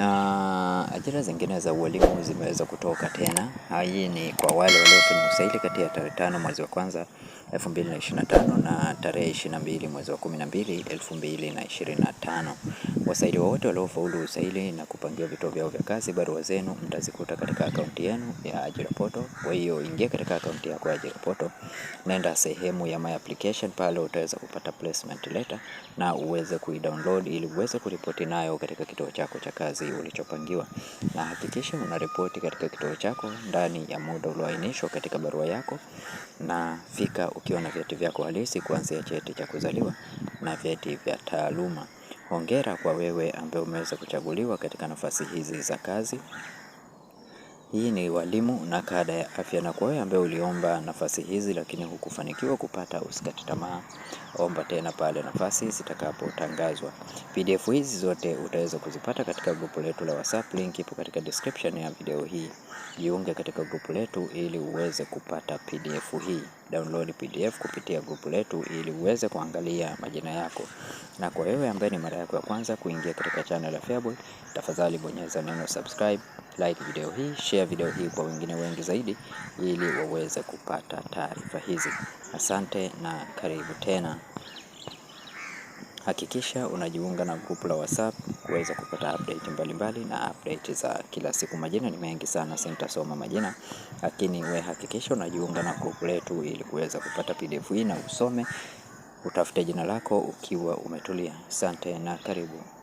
Uh, Ajira zingine za ualimu zimeweza kutoka tena. Hii ni kwa wale waliofanya usaili kati ya tarehe tano mwezi wa kwanza 2025 na tarehe 22 mwezi wa 12 2025. Wasaili wote waliofaulu usaili na kupangiwa vituo vyao vya kazi, barua zenu mtazikuta katika akaunti yenu ya Ajira Portal. Kwa hiyo ingia katika akaunti yako ya Ajira Portal, nenda sehemu ya my application, pale utaweza kupata placement letter na uweze kuidownload ili uweze kuripoti nayo katika kituo chako cha kazi ulichopangiwa na hakikisha unaripoti katika kituo chako ndani ya muda ulioainishwa katika barua yako, na fika ukiwa na vyeti vyako halisi kuanzia cheti cha kuzaliwa na vyeti vya taaluma. Hongera kwa wewe ambaye umeweza kuchaguliwa katika nafasi hizi za kazi. Hii ni walimu na kada ya afya na kwa wewe ambaye uliomba nafasi hizi lakini hukufanikiwa kupata, usikate tamaa, omba tena pale nafasi zitakapotangazwa. PDF hizi zote utaweza kuzipata katika grupu letu la WhatsApp, link ipo katika description ya video hii. Jiunge katika grupu letu ili uweze kupata PDF hii. Download PDF kupitia grupu letu ili uweze kuangalia majina yako. Na kwa wewe ambaye ni mara yako ya kwanza kuingia katika channel ya Feaboy, tafadhali bonyeza neno subscribe like video hii, share video hii kwa wengine wengi zaidi, ili waweze kupata taarifa hizi. Asante na karibu tena. Hakikisha unajiunga na grupu la WhatsApp kuweza kupata update mbalimbali mbali na update za kila siku. Majina ni mengi sana, sintasoma majina, lakini we hakikisha unajiunga na grupu letu ili kuweza kupata PDF hii na usome, utafute jina lako ukiwa umetulia. Asante na karibu.